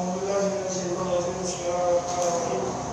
我们邀请的是，做到这个十二二五。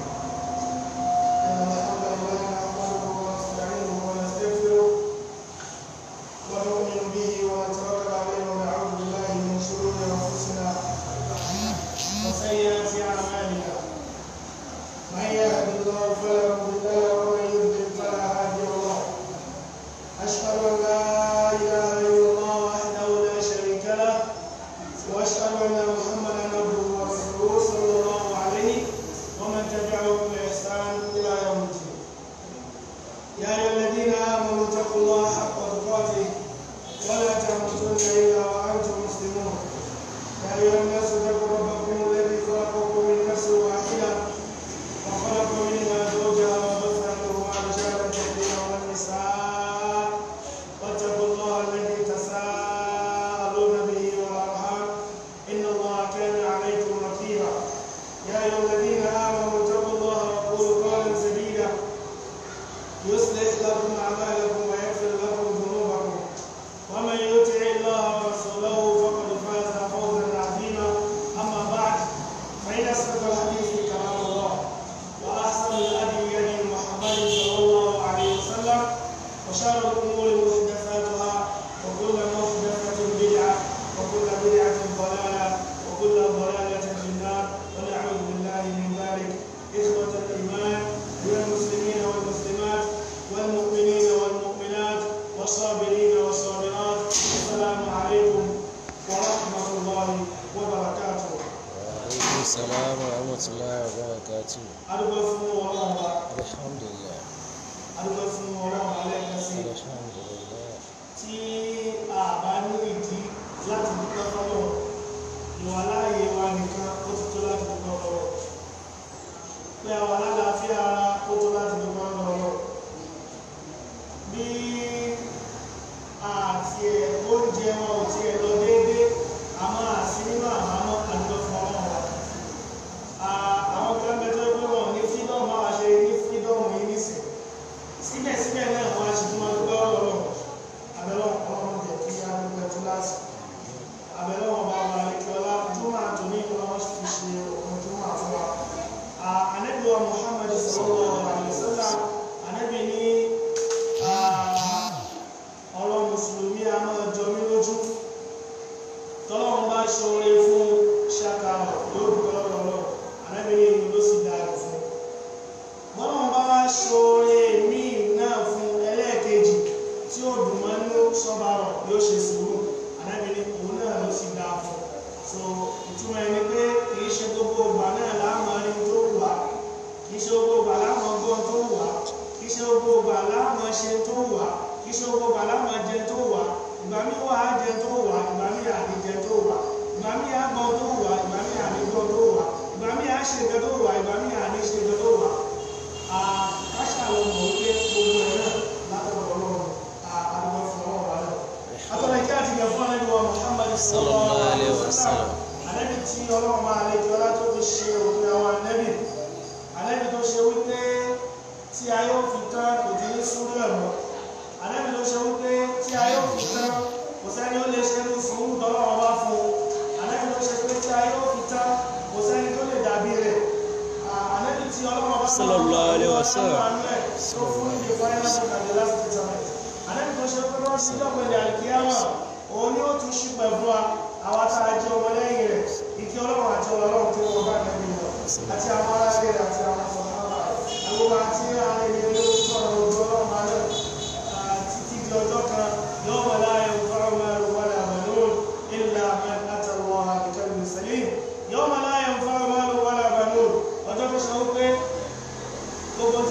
àti ẹ̀ oúnjẹ wọn ò tiẹ̀ lọ déédéé àwọn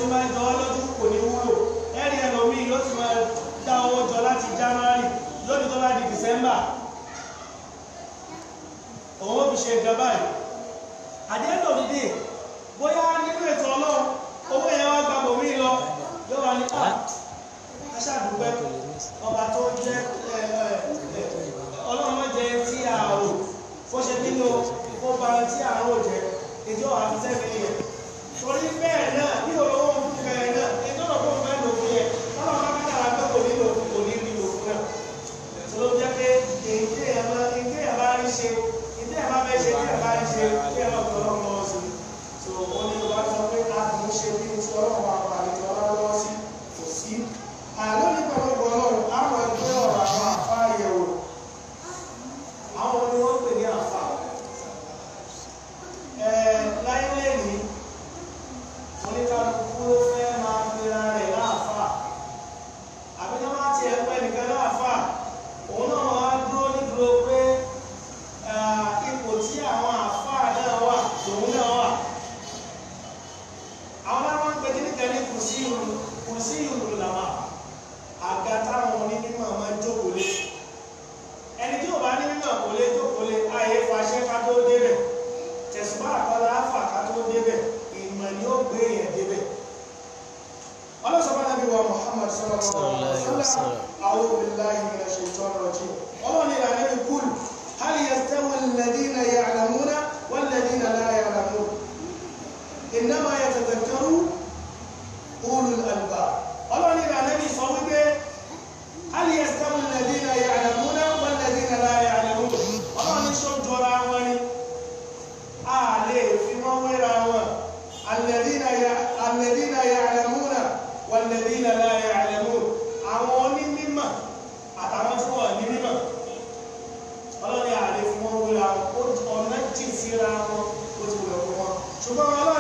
tí máa ń jọ ọ́ lójú kò ní wúlò ẹ̀rí ẹlòmíì yóò ti máa dá owó jọ láti January lónìí tó bá di December òun ó fi ṣe nǹkan báyìí at the end of the day bóyá nínú ètò Ọlọ́run owó yẹn wá gba bòmí lọ yóò wá ní pa ah, aṣáàdúgbẹ́ ọba tó jẹ́ Ọlọ́run ló tí a ò kó ṣe nínú kó tí a ò jẹ ìjọ àti sẹ́mi yẹn torí bẹ́ẹ̀ náà bí olówó. O homem do barco não foi nada, não chegou, ara wọn ó ti wẹ̀ fún wọn ṣùgbọ́n wọn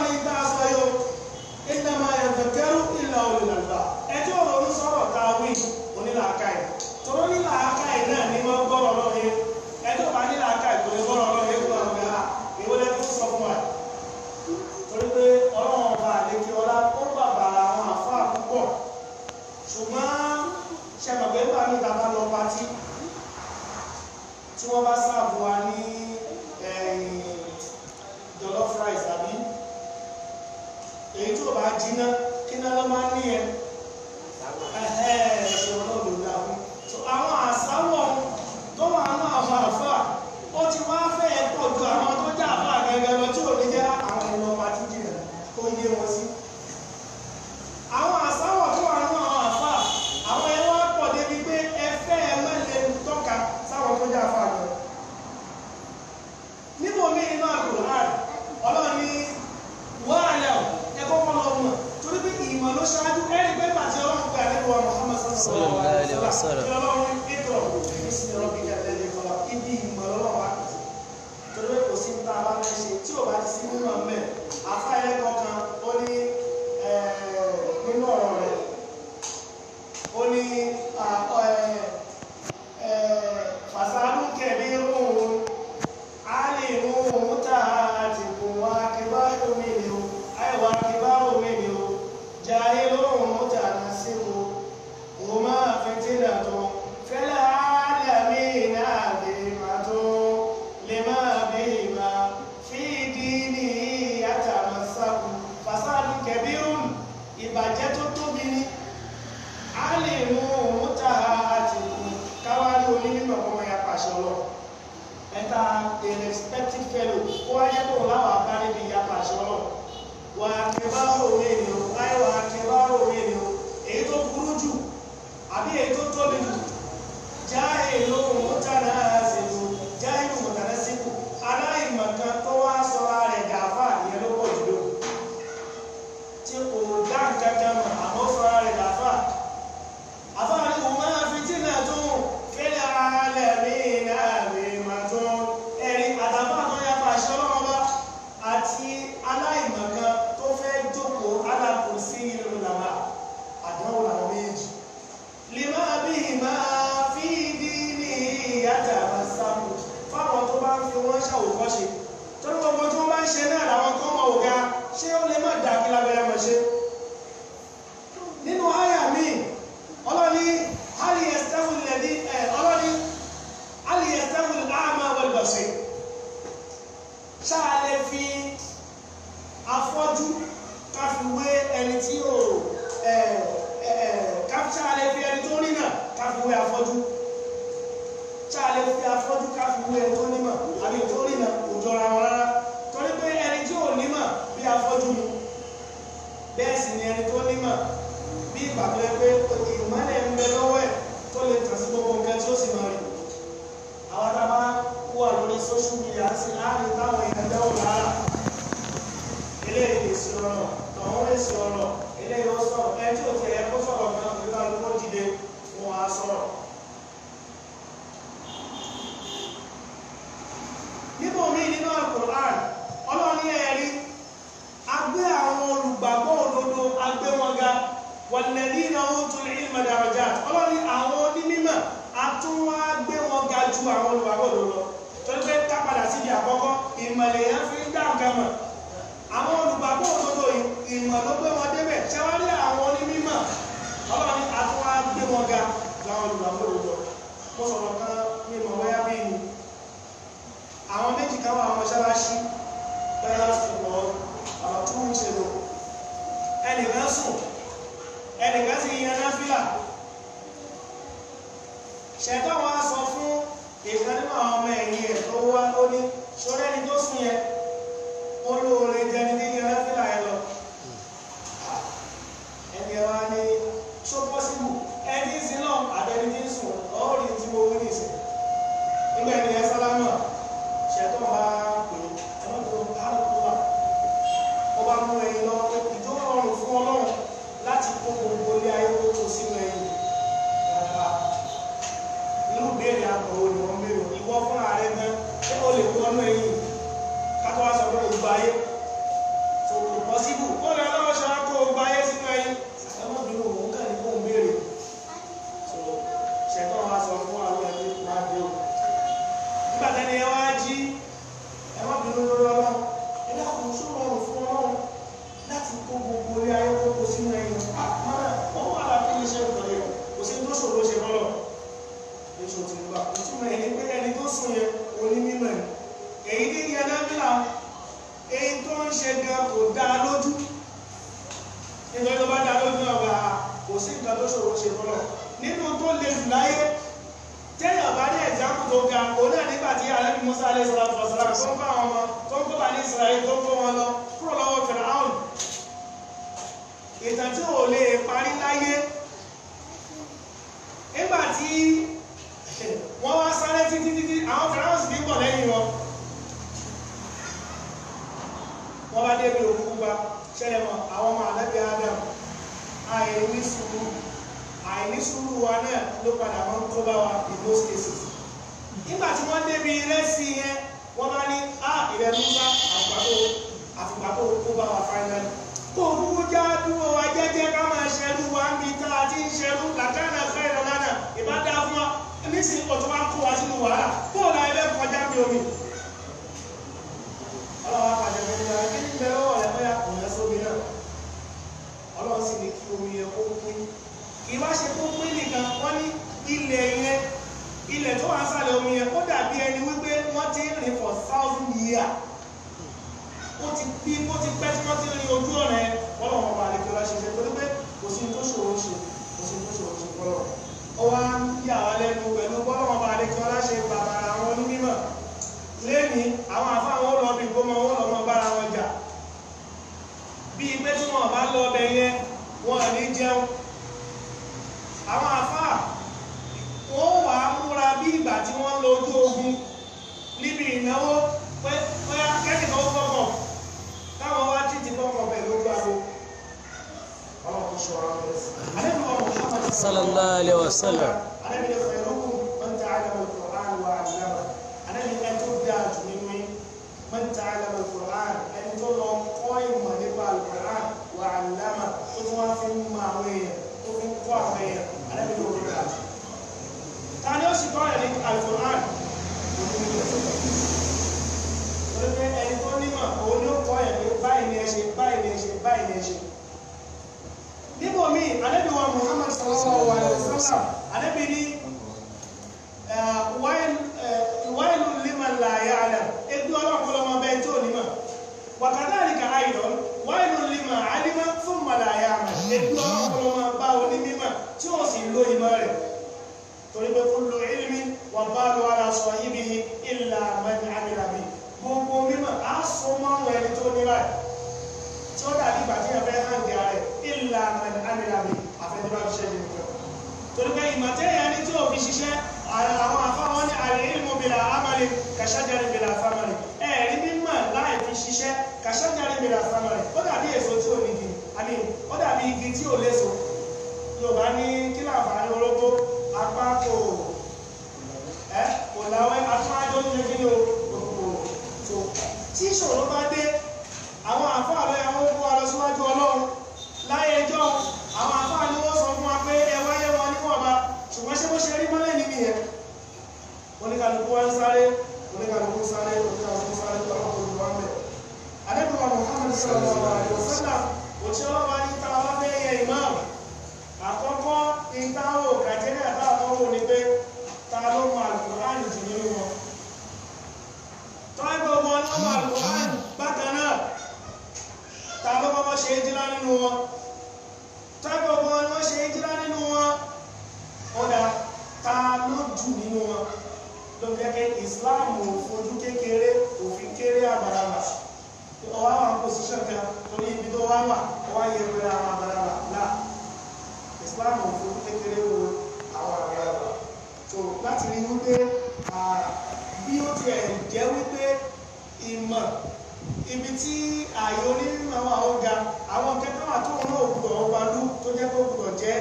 tó ṣáájú ẹni pé pàtí ọlọ́run pé àlejò wa Muhammad sallallahu alaihi wa sallam kí ọlọ́run pétrọ̀ ìrísí ọlọ́run kíkà lẹ́yìn kọlá ibi ìmọ̀ ọlọ́run wa torí pé kò sí ní tá a bá fẹ́ ṣe tí ò bá ti sí nínú ọmọ ẹ̀ afáyẹ́ kọ̀ọ̀kan ìgbà tó yẹ pé ìmọ́lẹ̀ ń bẹ lọ́wọ́ ẹ̀ tó lè tàn sí gbogbo nǹkan tí ó sì máa rí àwọn tá a bá wà lórí social media sí láàrin táwọn èèyàn dáwọ́ lára eléyìí lè sí ọ̀rọ̀ tọ̀hún lè sí ọ̀rọ̀ eléyìí ó sọ̀rọ̀ ẹ tí ò ti ẹ kó sọ̀rọ̀ kan kò nípa ló dìde wọn á sọ̀rọ̀. nínú mi nínú Al-Qur'an wàlẹ́dínà utul ilma darajat ọlọ́ni àwọn onímọ̀ atúnwá gbé wọn ga ju àwọn olùwàbọ̀dọ̀ lọ torí pé ká padà síbi àkọ́kọ́ ìmọ̀lẹ̀ yẹn fi ń dá nǹkan mọ̀ àwọn olùgbàgbọ́ òdodo ìmọ̀ ló gbé wọn débẹ̀ ṣé wọ́n rí àwọn onímọ̀ ọlọ́ni atúnwá gbé wọn ga láwọn olùgbàgbọ́ òdodo mo sọ̀rọ̀ kan ní ìmọ̀ wáyà bí mi àwọn méjì kan wà mọ́ṣáláṣí bẹ́ẹ̀ lọ́sùn lọ ọ̀rọ̀ tó ń ṣe lò ẹnì kan sùn ẹnìkan sì yan náfìlà ṣẹtọ wa sọ fún ìkan nínú àwọn ọmọ ẹ̀yìn ẹ̀ tó wá lóní sórí ẹni tó sùn yẹn olóore ìbù ó lọ lọ́wọ́ ṣọ́ra kó o gba ayé sínú ayé ẹmọ́ bínú òun kàn ní fóun béèrè so ṣẹ̀tọ́ wa sọ fún àwọn ẹbí máa dé o nígbà tẹ́ni ẹ wá jí ẹmọ́ bínú lórí ọlọ́run ẹ dákun tó rọrùn fún ọlọ́run láti kó gbogbo orí ayé kó kó sínú ayé àpárá wọn wà láti ní iṣẹ́ ìtọ́lẹ̀ kò sí tó ṣòro ṣe bọ́lọ̀ èso tìǹbà ìtumọ̀ ẹni pé ẹni tó sùn yẹn onímọ̀ èyí ní ìyẹn èyí tó ń ṣe gan kò dá lójú nítorí tó bá dá lójú náà wà kò sí nǹkan tó ṣòro ṣe fọlọ nínú tó le jù láyé téèyàn bá ní ẹ̀jáàmù tó ga òun náà nígbà tí alẹ́bí musa alẹ́ sọ́ra tó sọ́ra tó ń bá àwọn ọmọ tó ń kópa ní israẹli tó ń kó wọn lọ kúrò lọ́wọ́ fẹ̀rẹ̀ áhùn ìtàn tí ò lè parí láyé nígbà tí wọ́n wá sáré títí títí àwọn fẹ̀rẹ̀ áhùn sì ti pọ̀ lẹ́yìn wọn. wọ́n bá débi òkú bá ṣẹlẹ̀ mọ́ àwọn ọmọ ànábì Adam àìní sùúrù àìní sùúrù wa náà ló padà mọ́ tó bá wa in those cases nígbà tí wọ́n débi ìrẹsì yẹn wọ́n bá ní á ìrẹ́ musa àgbàdo àfìgbàdo kó bá wa finally kó kúkú já dúró wa jẹ́jẹ́ ká máa ṣẹlú wa ń bi tá a ti ń ṣẹlú làkàna fẹ́rẹ̀ lánà ìbá dá fún wa nísìnyí ọ̀tún bá ń kó wa sínú wàhálà bóòlù àìlẹ́ kọjá mi omi ọlọ́wọ́ àpàjẹ́ mi ní bí tó ti pẹ́ tí wọ́n ti rí ojú ọ̀rẹ́ bọ́lọ̀ wọn bá àlejò láṣẹ ṣe torí pé kò sí tó ṣòro ṣe kò sí tó ṣòro ṣe bọ́lọ̀ ọwọ́ á ń yà wá lẹ́nu pẹ̀lú bọ́lọ̀ wọn bá àlejò láṣẹ bàbàrà àwọn onímọ̀ lẹ́ni àwọn àfa àwọn olóòbí gbọ́mọ wọn lọ́mọ bára wọn jà bí pé tí wọn bá lọ ọbẹ̀ yẹn wọn ní jẹun àwọn àfa wọn wà á múra bí ìgbà tí wọ́n lọ ojú ogun níbi ìnáwó sallallahu alaihi wasallam báyìí ni ẹ ṣe báyìí ni ẹ ṣe báyìí ni ẹ ṣe níbò míì anábì wa Muhammad sallallahu alayhi wa sallam anábì ní wáìlú liman la ya'lam ebi ọlọ́pọ̀lọ́ máa bẹ́ẹ̀ tí ò ní mà wa kadhalika àìdọ̀ wáìlú liman alima thumma la ya'lam ebi ọlọ́pọ̀lọ́ máa bá onímímà tí ó sì lo ìmọ̀ rẹ̀ torí pé kullu ilmi wà bá lọ ara sọ yíbi illa man amila gbogbo mímọ̀ á sọ mọ́ ẹni tó ní báyìí tí ó dàbí ìgbà tí yẹn fẹ́ hàn di ààrẹ ìlà àmìlàmì àfẹnudọ́ ṣiṣẹ́ ní ìwé torí pé ìmọ̀tẹ́yà ni tí o, fi ṣiṣẹ́ àwọn afáwọn ní àlèémù bìlà amálẹ̀ kàṣájáde bìlà afámálẹ̀ ẹ̀ẹ́rí mímọ̀ láì fi ṣiṣẹ́ kàṣájáde bìlà afámálẹ̀ ó dàbí èso tí o, ní igi àmì ó dàbí igi tí o, léso yorùbá ní kí láǹfààní orógbó apá kò ẹ́ kò láwẹ́ atúmájọ́ ní ẹgbẹ́ ní òkùnkùn tó tí ìṣòro bá dé sọ̀rọ̀ àdòsọ́nà òṣìṣẹ́ wọn bá ní ta wá bẹ́yẹ ìmáàmù àkọ́kọ́ ìtawọ̀ kàjẹ́rẹ́ àtàkọ́wò ni pé ta ló mọ àlùkùránì jù nínú wọn tọ́gbẹ́ ọmọ ọlọ́mọ àlùkùránì bákan náà ta ló kọ́kọ́ ṣe é jìlá nínú wọn tọ́gbẹ́ ọmọ ọlọ́mọ ṣe é jìlá nínú kékeré òfin kéré àgbàlagbà tó wá wà kó síṣẹ́ kan tó ní ibi tó wá wà Na yẹ pẹ̀lú àwọn àgbàlagbà náà Islam ò fojú kékeré wo àwọn àgbàlagbà tó láti rí wípé bí ó tiẹ̀ jẹ́ wípé ìmọ̀ ibi tí ààyè onírìnnà wà ó ga àwọn kẹfẹ́ wà tó ń lò gbọ́dọ̀ ọbalú tó jẹ́ kó gbọ́dọ̀ jẹ́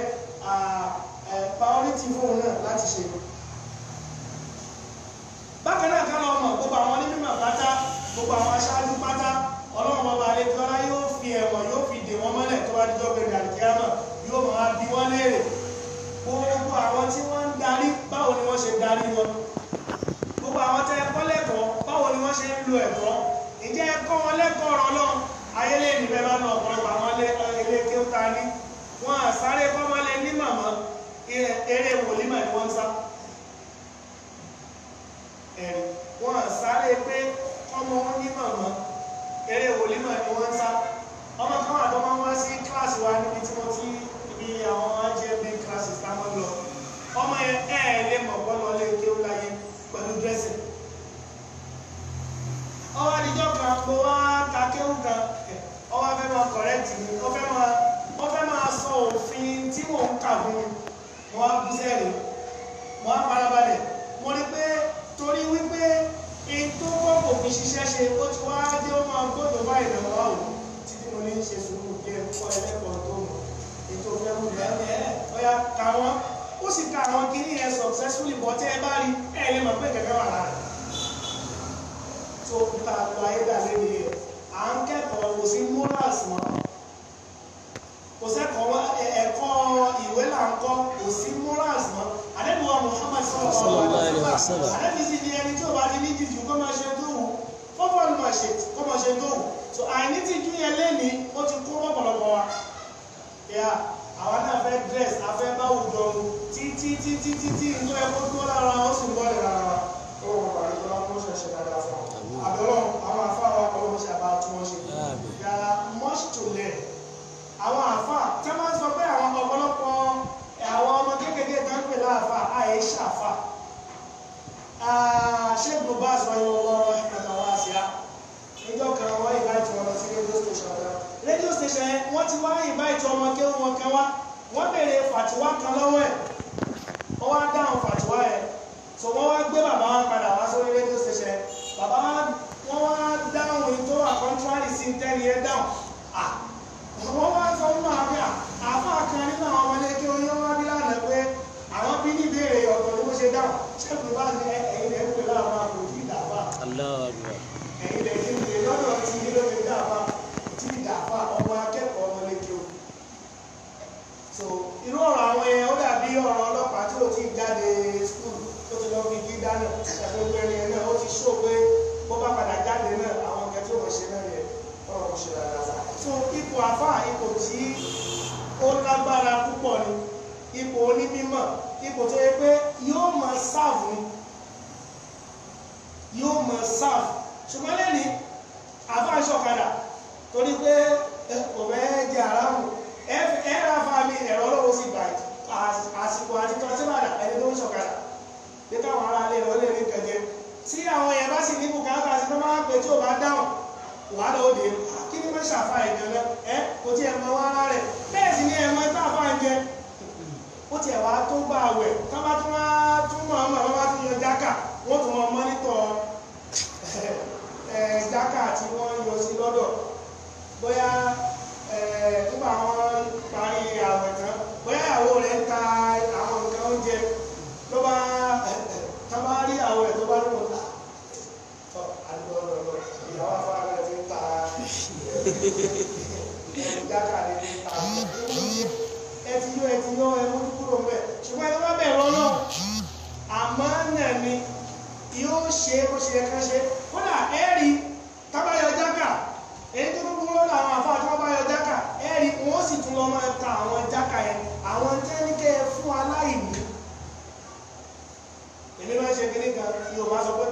priority fóun na láti ṣe bákan náà ká lọ mọ̀ gbogbo pata, onímọ̀ pátá gbogbo àwọn aṣáájú pátá bá dídọ́ bẹ̀rẹ̀ àdìkíámà yóò máa bí wọ́n léèrè gbogbo àwọn tí wọ́n ń darí báwo ni wọ́n ṣe ń darí wọn gbogbo àwọn tẹ́ ẹ̀kọ́ lẹ́kọ̀ọ́ báwo ni wọ́n ṣe ń lo ẹ̀kọ́ ìjẹ́ ẹ̀kọ́ wọn lẹ́kọ̀ọ́ ọ̀rọ̀ náà ayélé ìnìbẹ̀ bá lọ ọ̀pọ̀lọpọ̀ àwọn ilé kí ó ta ní wọn àsáré kọ́mọ́lé ní màmá eré wòlímà ni wọ́n ń sá wọn àsáré pé kọ́mọ́ ní màmá eré wòlímà ni wọ́n ń sá ọmọ kan àtọ́ máa ń wá sí kíláàsì wa níbi tí wọ́n ti ibi àwọn ajẹ́bí kíláàsì táwọn lọ ọmọ yẹn ẹ̀ lè mọ̀ bọ́lọ́ lé kéwú láyé pẹ̀lú dírẹ́sì ọwọ́ àdìjọ́ kan mo wá ta kéwú kan ọwọ́ afẹ́ máa kọ̀rẹ́tì mi ó fẹ́ máa ó fẹ́ máa sọ òfin tí mò ń kà fún mi mo wá bú sẹ́ẹ̀rì mo wá farabalẹ̀ mo rí pé torí wípé ètò pọ́pọ̀ fi ṣiṣẹ́ ṣe ó ti wá dé ó máa báyìí lọ́wọ́ àwọn tí mo ní ṣe sùúrù díẹ̀ kọ́ ẹlẹ́kọ̀ọ́ tó mọ̀ ètò ìfẹ́ mú bẹ́ẹ̀ ọ̀yà kà wọ́n ó sì ka àwọn kìíní yẹn successfully bọ́ tẹ́ ẹ bá rí ẹ lè mọ̀ pé kẹ̀kẹ́ wà lára tó ta lọ ayédàlẹ́ ni ẹ̀ à ń kẹ́kọ̀ọ́ kò sí morals mọ́ kò sẹ́kọ̀ọ́ ẹ̀kọ́ ìwé là ń kọ́ kò sí morals mọ́ àdébùwà Muhammad sọ̀rọ̀ sọ̀rọ̀ àdébìsí ni ẹni tó bá ti ní jìjù kó máa ṣe tó ṣe kó mọ̀ ṣe tó so àìní ti jú yẹn lẹ́ni ó ti kó lọ́pọ̀lọpọ̀ wa yà àwa náà fẹ́ dress afẹ́ bá òjò tí tí tí tí tí tí ń tó ẹkọ́ tó lára ó sì ń bọ́lẹ̀ lára wa ó wọ̀ pàrí tó lọ́pọ̀ ṣẹ̀ṣẹ̀ dáadáa fún wa àbẹ̀lọ́ àwọn àfa wa kọ́ ló ṣe àbá tí wọ́n ṣe there are much to learn àwọn àfa tẹ́ máa ń sọ pé àwọn ọ̀pọ̀lọpọ̀ àwọn ọmọ kékeré kan pè láàfà àyè ṣàfà ṣé gbogbo àṣọ yẹn wọ níjọ́ kan wọ́n invite wọn lọ sí radio station kan radio station yẹn wọ́n ti wá invite ọmọ kéwù wọn kan wá wọ́n béèrè fàtiwá kan lọ́wọ́ ẹ̀ wọ́n wá dáhùn fàtiwá yẹn so wọ́n wá gbé bàbá wọn padà wá sórí radio station yẹn bàbá wọn wá dáhùn tó wà contrary sí tẹ́ni yẹn dáhùn wọ́n wá sọ fún àwọn àfáà kan nínú àwọn ọmọdé kí wọ́n yẹ wọ́n wá bí lánàá pé àwọn bí níbèrè ọ̀gbọ̀n ni wọ́n ṣe dáhùn ṣé so irú ọ̀rọ̀ àwọn ẹ̀ ó dàbí ọ̀rọ̀ ọlọ́pàá tí ò tí ì jáde skul tó ti lọ fi jí dáná àti gbogbo ẹni ẹ̀ náà ó ti ṣó pé bó bá padà jáde náà àwọn ọ̀gá tí ò ṣe náà yẹ ọ̀rọ̀ kò ṣe rárá so ipò àfà ipò tí ó lágbára púpọ̀ ni ipò onímímọ̀ ipò tó yẹ pé yóò máa sáàfù yóò máa sáàfù ṣùgbọ́n lẹ́ni àfà ń ṣọ̀kadà torí pé kò fẹ́ jẹ́ aráàlú pé káwọn ará alẹ́ rẹ̀ ó lè rí kẹjẹ tí àwọn èèyàn bá sì ní bùkátà sí tó bá wá pé tí ò bá dáhùn wàá lọ òde kí ni wọ́n ṣàfà ẹ̀jẹ̀ lọ ẹ kò tí ẹ̀ mọ wá ara rẹ̀ bẹ́ẹ̀ sì ni ẹ̀ mọ ẹgbẹ́ àfà ń jẹ ó tiẹ̀ wá tó gbà wẹ̀ tó bá tún wá tún mọ̀ ọmọ wọn bá tún yan jákà wọ́n tún mọ mọ́nítọ̀ jákà tí wọ́n yọ sí lọ́dọ̀ bóyá nígbà wọn parí àwẹ̀ àwọn afárá ni ti ń ta ẹ ti yọ ẹ ti yọ ẹ ni yóò ṣe bó ṣe yẹ ká ṣe kódà ẹ rí tábàyọ jákà èyí tó dúró lọ́dọ̀ àwọn àfáà tí wọ́n bá yọ jákà ẹ rí wọ́n sì tún lọ́ kan Yorùbá sọ pé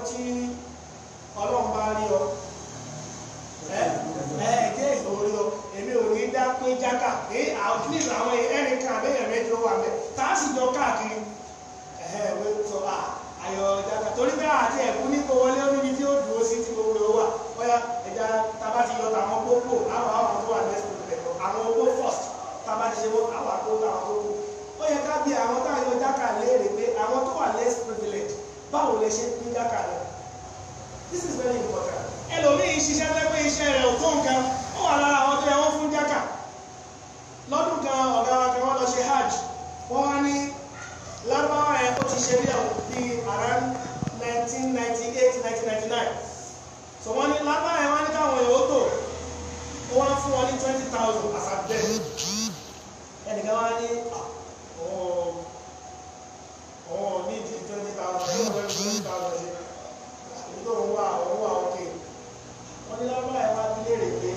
léèrè pé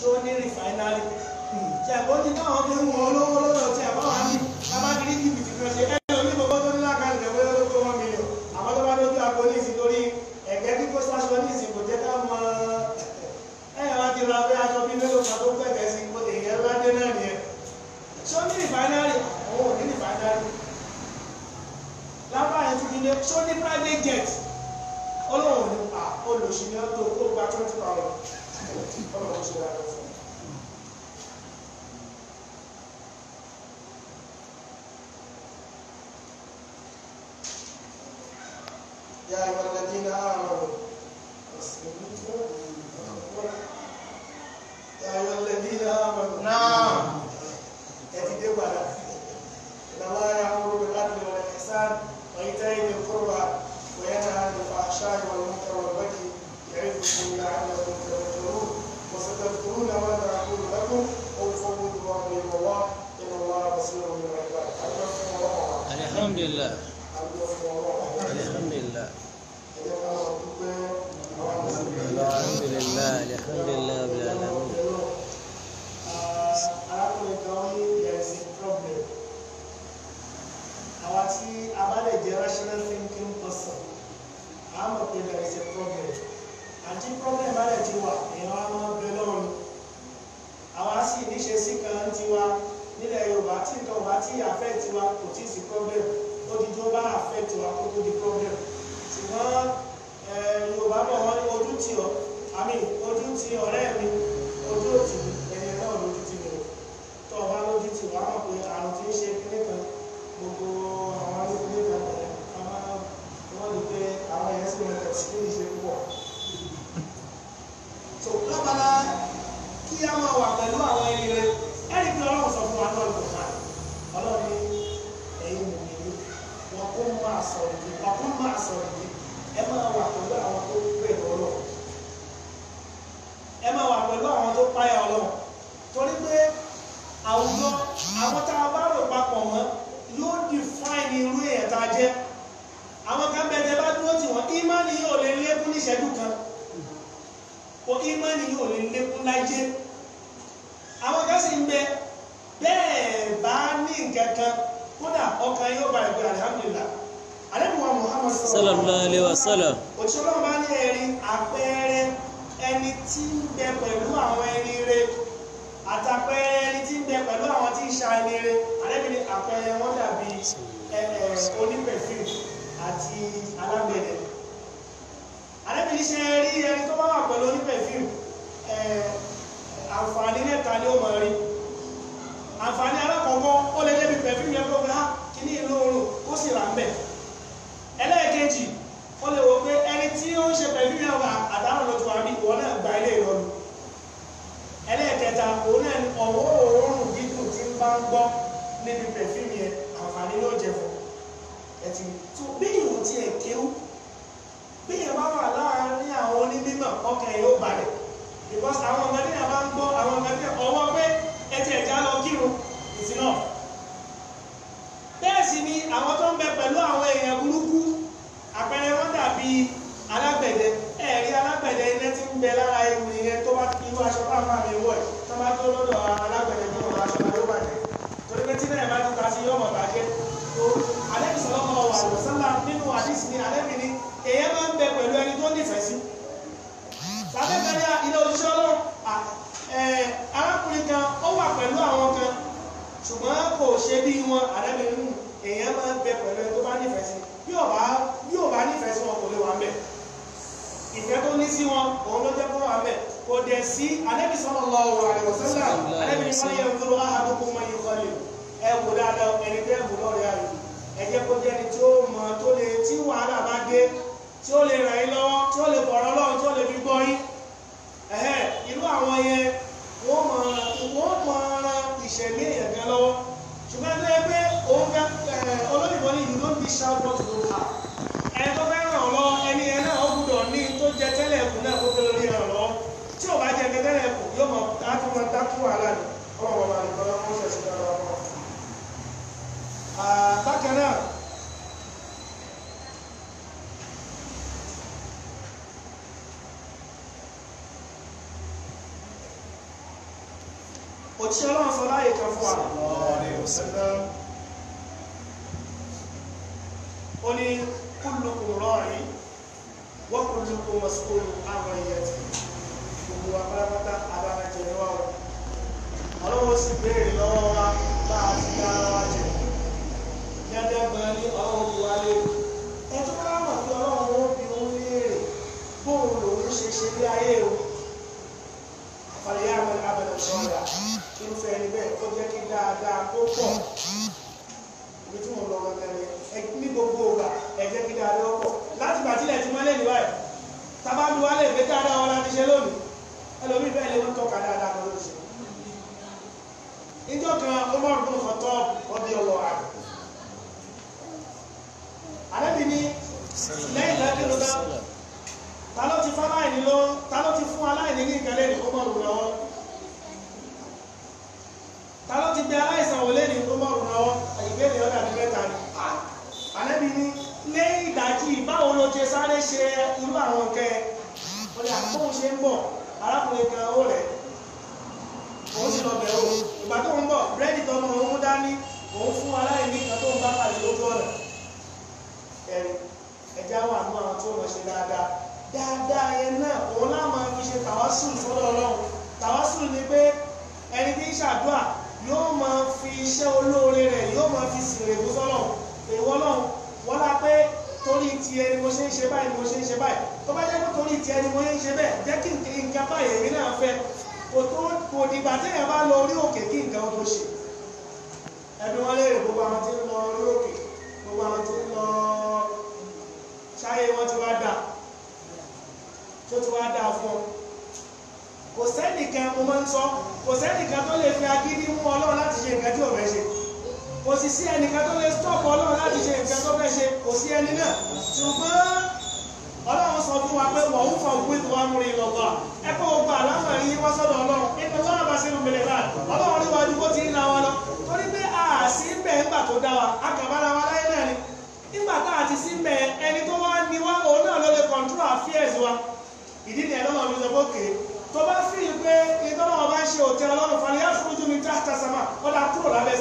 ṣó ní rìfáínárì hmm, tí a bọ́ ní táwọn fi ń wọ olówó lọ́dọ̀ tí a bá wà ní abájírí jìbìtì kan ṣe ẹ lórí gbogbo tó ní lákàtúntì ẹgbẹ́ olóko wọn mi lò àwọn tó bá lójú agbo ní ìsìn torí ẹ̀gẹ́ kíkó sáṣọ ní ìsìn kò jẹ́ ká mọ ẹ̀ wá ti ra pé aṣọ bí mélòó kan tó pẹ̀tẹ́ sí kó èèyàn bá dé náà nìyẹn ṣó ní rìfáínárì àwọn ò ní rìfáínárì lábàáyé tún nílé ṣó ní private jet olóhùn ní pa olùsìn ní ọ́ tó عنكم اوفوا بوعدي الله ان الله بصير بالعباد الحمد لله الحمد لله àsọ̀rìdì wàkún má àsọ̀rìdì ẹ máa wà pẹ̀lú àwọn tó bẹ̀rù ọlọ́run ẹ máa wà pẹ̀lú àwọn tó páyà ọlọ́run torí pé àwùjọ àwọn tá a bá rò papọ̀ mọ́ yóò define irú èèyàn tá a jẹ́ àwọn kan bẹ̀rẹ̀ bá dúró tì wọ́n ìmánì yóò lè lékún níṣẹ́jú kan kò ìmánì yóò lè lékún láyé àwọn kan sì ń bẹ bẹ́ẹ̀ bá ní nǹkan kan kódà ọkàn yóò bá ìgbé alihamdulilayi sallallahu alaihi wasallam. òṣèlú ọba ní ẹ̀rí àpẹẹrẹ ẹni tí ń bẹ pẹ̀lú àwọn ẹni rẹ àtàpẹẹrẹ ẹni tí ń bẹ pẹ̀lú àwọn tí ń ṣa ẹni rẹ àlẹ́bí àpẹẹrẹ wọn dàbí onípẹ̀fì àti alágbẹ̀dẹ. àlẹ́bí ṣe rí ẹni tó bá wà pẹ̀lú onípẹ̀fì àǹfààní mẹ́ta ni ó mọ̀ rí àǹfààní alákọ̀ọ́kọ́ ó lè débi pẹ̀fì yẹn kó gbá kíní ìlú oòrùn ó sì rà ń ó lè wọ pé ẹni tí ó ń ṣe pẹ̀lú yẹn wà àdánù ló ti wà bí ìwọ náà gba ilé ìrọ̀rùn ẹlẹ́ẹ̀kẹta òun náà ni ọ̀wọ́ òórùn dídùn tí ń bá ń gbọ́ níbi pẹ̀fíìmù yẹn àǹfààní ló jẹ fún ẹtì tó bí ìwọ̀n ti ẹ̀ kéwú bí ẹ bá wà láàárín àwọn onímọ̀ ọkàn yóò balẹ̀ because àwọn ọmọdé náà bá ń gbọ́ àwọn ọmọdé ọwọ́ pé ẹtì ẹ̀já lọ kírun ìsìn náà bẹ́ẹ̀ sì ni àwọn tó ń bẹ pẹ̀lú àwọn èèyàn burúkú dàbí alágbẹ̀dẹ ẹ̀rí alágbẹ̀dẹ ilé tí ń bẹ lára ewu yẹn tó bá irú aṣọ fáfáà mi wọ̀ ẹ̀ tó bá tó lọ́dọ̀ alágbẹ̀dẹ tó wọ̀ aṣọ ayé bàjẹ́ torí pé tí náà bá ti ta sí yọ̀mọ̀ bàjẹ́ tó alẹ́bí sọ̀rọ̀ mọ́ wà lọ sálà nínú àdìsí ni alẹ́bí ni èèyàn máa ń bẹ pẹ̀lú ẹni tó nífẹ̀ẹ́ sí. sábẹ́fẹ́lẹ́ ilé oṣiṣẹ́ ọlọ́run arákùnrin kan ó wà pẹ̀lú àwọn kan ṣùgbọ́n kò ṣe bí wọn alẹ́bí nínú èèyàn máa ń bẹ pẹ̀lú ẹni tó bá nífẹ̀ẹ́ sí bí ò bá nífẹ̀ẹ́ sí wọn kò lè wà ń bẹ̀ ìfẹ́ tó ní sí wọn òun ló jẹ́ kó wà ń bẹ̀ kò dẹ̀ sí Ànábì sallallahu alaihi wasallam Ànábì ní wọ́n yẹ kó ahadukum man yuqallil ẹ wò dáadáa ẹni tẹ́ wò lọ́rẹ̀ ayò ẹ jẹ́ kó jẹ́ ni tí ó mọ tó lè tí wàhálà bá dé tí ó lè ràn yín lọ́wọ́ tí ó lè bọ̀rọ̀ lọ́wọ́ tí ó lè fi gbọ́ yín irú àwọn yẹn wọ́n mọ̀ ọ́n ìṣẹ̀lẹ̀ èèyàn kan lọ́wọ́ ṣùgbọ́n ẹgbẹ́ Eh, olóyìnbó ní you don't be sure what you don't have ẹni tó fẹ́ ràn lọ ẹni ẹ náà ó gbúdọ̀ ní tó jẹ tẹ́lẹ̀ ẹ̀kú náà kó tó lórí ràn lọ tí ò bá jẹ ẹgbẹ́ tẹ́lẹ̀ ẹ̀kú yóò mọ láti mọ dákú wàhálà ni ọmọ bàbá mi kọ́lá kó fẹ̀sí dára wọn. bákan náà òtí ọlọ́run sọ láyé kan fún wa ó ní kullukum ra'in wa kullukum mas'ulun an ra'iyyatihi gbogbo wa pátápátá adáranjẹ ni wá o ọlọ́wọ́ sì béèrè lọ́wọ́ wa bá a ti dá ara wa jẹ dandan gan ni ọ̀rọ̀ òwúwa lé ẹ tó bá mọ̀ pé ọlọ́run ó bi òun léèrè bóun lòun ṣe ṣe bí ayé o àfàlẹ́yà àwọn abẹnugan rà irúfẹ́ ẹni bẹ́ẹ̀ kó jẹ́ kí dáadáa kó pọ̀. dáadé ọkọ̀ láti gbà tílẹ̀ ti mọ́lẹ̀ níwá ẹ̀ tábà bí wá lè gbé dáadáa wọn láti ṣe lónìí ẹlòmíì bẹ́ẹ̀ lè wọ́n tọ́ka dáadáa kan lóṣù. ìjọ kan ó mọ̀ ọdún kọ̀tọ́ ọdí ọlọ́ àgbẹ̀. àlẹ́bí ni lẹ́yìn lẹ́kẹ̀ló dá ta ló ti fún aláìní lọ ta ló ti fún aláìní ní ìkẹlẹ́ ní ó mọ̀ ọdún lọ́wọ́ ta ló ti gbé aláìsàn wọlé ní ó mọ̀ ọdún lọ́wọ́ ìgbé lẹ́yìn ìdájí báwo ló ṣe sáré ṣe irú àwọn kẹ ọdẹ àkóhùn ṣe ń bọ̀ arákùnrin kan ó rẹ̀ òun sì lọ bẹ̀ o ìgbà tó ń bọ̀ búrẹ́dì tọmọ òun dání òun fún aláìní kan tó ń bá pàdé lójú ọ̀nà ẹ̀rù ẹja wà nínú àwọn tó lọ ṣe dáadáa dáadáa yẹn náà òun láwọn fi ṣe tàwásùn sọ́dọ̀ ọlọ́run tàwásùn ni pé ẹni tí ń ṣàdúà yóò máa fi iṣẹ́ olóore rẹ̀ yóò máa fi sìnrè fún sọ́lọ́run èèwọ̀ ọlọ́run wọ́n la pé torí tiẹ̀ ni mo ṣe ń ṣe báyìí mo ṣe ń ṣe báyìí tó bá jẹ́ pé torí tiẹ̀ ni mo ṣe ń ṣe bẹ́ẹ̀ jẹ́ kí nǹkan báyìí èmi náà fẹ́ kò tó kò dìgbà téèyàn bá lọ orí òkè kí nǹkan ó tó ṣe ẹbí wọn léèrè gbogbo àwọn tí ń lọ orí òkè gbogbo àwọn tí ń lọ ṣáyé wọn ti wá dà tó ti wá dà fún ọ kò sẹ́nìkan mo máa ń sọ kò sẹ́nìkan tó lè fi agídí mú Ọlọ́run láti ṣe nǹkan tí ò kò sì sí ẹnìkan tó lè stọ́ọ̀pù ọlọ́run láti ṣe nǹkan tó fẹ́ ṣe kò sí ẹni náà ṣùgbọ́n ọlọ́run sọ fún wa pé wọ́n ń fọ òkú ìtura múrin lọ́gbà ẹ kó o gba àlàáfà yìí wá sọ́dọ̀ ọlọ́run nínú wọn àbá sínú gbèlè báyìí ọlọ́run rí wájú bó ti ń ra wa lọ torí pé a sí ń bẹ̀ ńgbà tó dá wa a kà bára wa láyé náà ni nígbà tá a ti sí ń bẹ̀ ẹni tó wá ní wá òun náà ló lè control affairs wa ìdí ni ẹlọ́run mi sọ pé òkè tó bá fi pé ìtọ́nà ọba ń ṣe òtẹ́ ọlọ́run fani yá fúrújú mi tá a ta sàmà ọ̀dà kúrò lábẹ́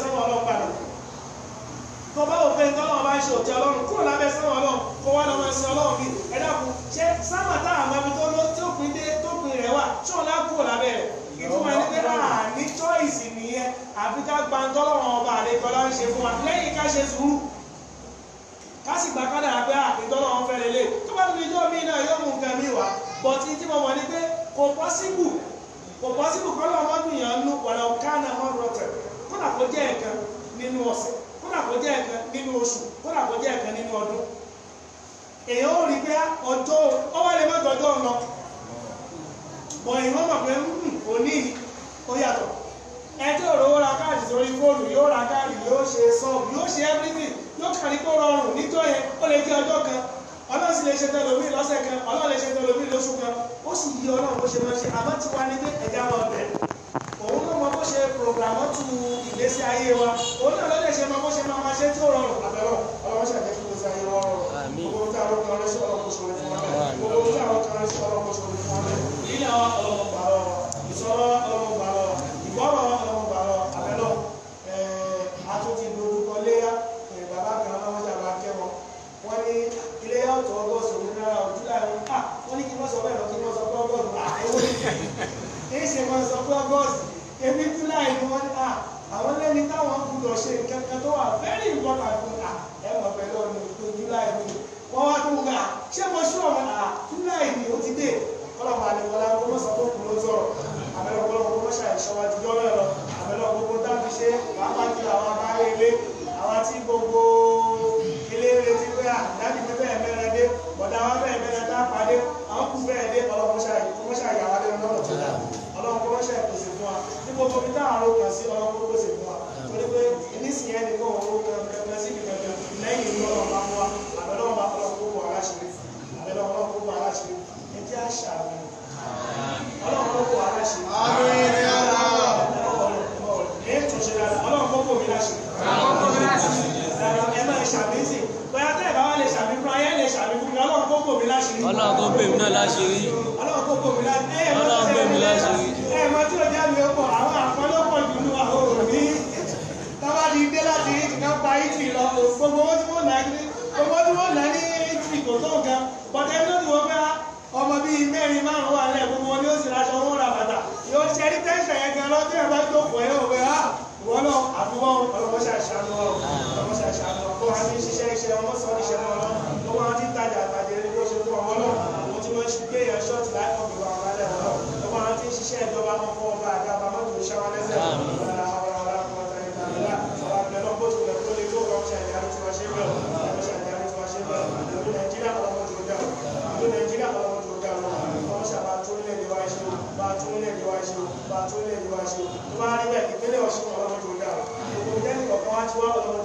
ẹni tọ́lọ́run bá ṣe òtí ọlọ́run kúrò lábẹ́ sánmà ọlọ́run kó wá lọ́mọ sí ọlọ́run bí ẹ dákun ṣé sánmà tá àmọ́ ibi tó ló tó pin dé tó pin rẹ̀ wà ṣó ńlá kúrò lábẹ́ rẹ̀ ìtumọ̀ ẹni pé àní choice nìyẹn àfi ká gba tọ́lọ́run ọba àlekọ́lá ń ṣe fún wa lẹ́yìn ká ṣe sùúrù ká sì gbà kádà pé àtìtọ́lọ́run fẹ́ lélẹ̀ tó bá tún ijó mi náà yóò mú nǹkan mi wá but tí mo mọ̀ ni pé kò possible kò possible kọ́lọ́ ọmọdún yẹn ń lu wàlá ọ̀ká náà ọ̀rọ̀ tẹ̀ kó nà kó jẹ́ nǹkan nínú ọ̀sẹ̀ kódà kó jẹ́ ẹ̀kan nínú oṣù kódà kó jẹ́ ẹ̀kan nínú ọdún èyàn ò rí pé ọjọ́ ọwọ́ lè má gbọ́dọ̀ lọ bọ̀ ìwọ́n mọ̀ pé hmm, òní ó yàtọ̀ ẹjọ́ òrówó ra káàdì sórí fóònù yóò ra káàdì yóò ṣe sọ́ọ̀bù yóò ṣe everything yóò kàrí kó rọrùn níjọ́ yẹn ó lè jẹ́ ọjọ́ kan ọlọ́run sì lè ṣe tẹ́lẹ̀ omi lọ́sẹ̀ kan ọlọ́run lè ṣe tẹ́lẹ̀ omi lóṣù kan ó sì yí ọlọ́run bó ṣe máa ṣe àmọ́ tiwa ní pé ẹ̀já wa bẹ̀ òun ló mọ bó ṣe programọ́ tu ìgbésí ayé wa òun náà lọ́dẹ̀ ṣe mọ bó ṣe máa ṣe tí ó rọrùn àbẹ̀rọ̀ ọlọ́run ṣàfẹ́ kí ìgbésí ayé wa rọrùn gbogbo tí a lọ kan lọ sí ọlọ́run sọ fún wa gbogbo tí èsì wọn sọ fún ọgọ́sì èmi tún láì ní wọn a àwọn lẹ́ni táwọn gbúdọ̀ ṣe nǹkan kan tó wà very important fún a ẹ mọ̀ pẹ̀lú ọ̀nà ìpè july ni wọ́n wá tó gbà ṣé mo ṣú ọ̀nà à july ni o ti dé kọ́lọ̀ máa lè wọlé àwọn ọmọ sọ́kò kúrò sọ̀rọ̀ àbẹ̀rẹ̀ ọ̀pọ̀lọpọ̀ ọmọ ṣàìṣọ́ wa ti jọ́lọ́ lọ àbẹ̀rẹ̀ ọ̀pọ̀lọpọ̀ tá a fi ṣe pàápàá ju àwọn abáyé ilé àwọn tí gbogbo ilé retí pé àdájú pé bẹ́ẹ̀ mẹ́rẹ̀ dé bọ̀dá wa bẹ́ẹ̀ mẹ́rẹ̀ dá padé ọwọ́ ṣe kò sí fún wa ní gbogbo bí táwọn aró kan sí ọlọ́wọ́ kó sì fún wa torí pé nísìnyẹn ni kò wọ́n kan kankan síbi kankan lẹ́yìn ìtọ́nà bá fún wa àbẹ̀lẹ́ wọn bá fọlọ́ kó bọ̀ aláṣẹ àbẹ̀lẹ́ wọn bá kó bọ̀ aláṣẹ ẹ jẹ́ àṣà mi ọlọ́wọ́ kó bọ̀ aláṣẹ. àmín ni ara. ẹ tún ṣe dáadáa ọlọ́wọ́ kó bọ̀ mí láṣẹ. ẹ máa ṣàmìsì bóyá tẹ́ ẹ̀ bá wà lè ṣàmì fún ayé lè ṣàmì fún mi ọlọ́wọ́ kó bọ̀ mí láṣẹ. ọlọ́wọ́ kó bọ̀ mí náà láṣẹ kó bọ̀ mí láṣẹ atuava numa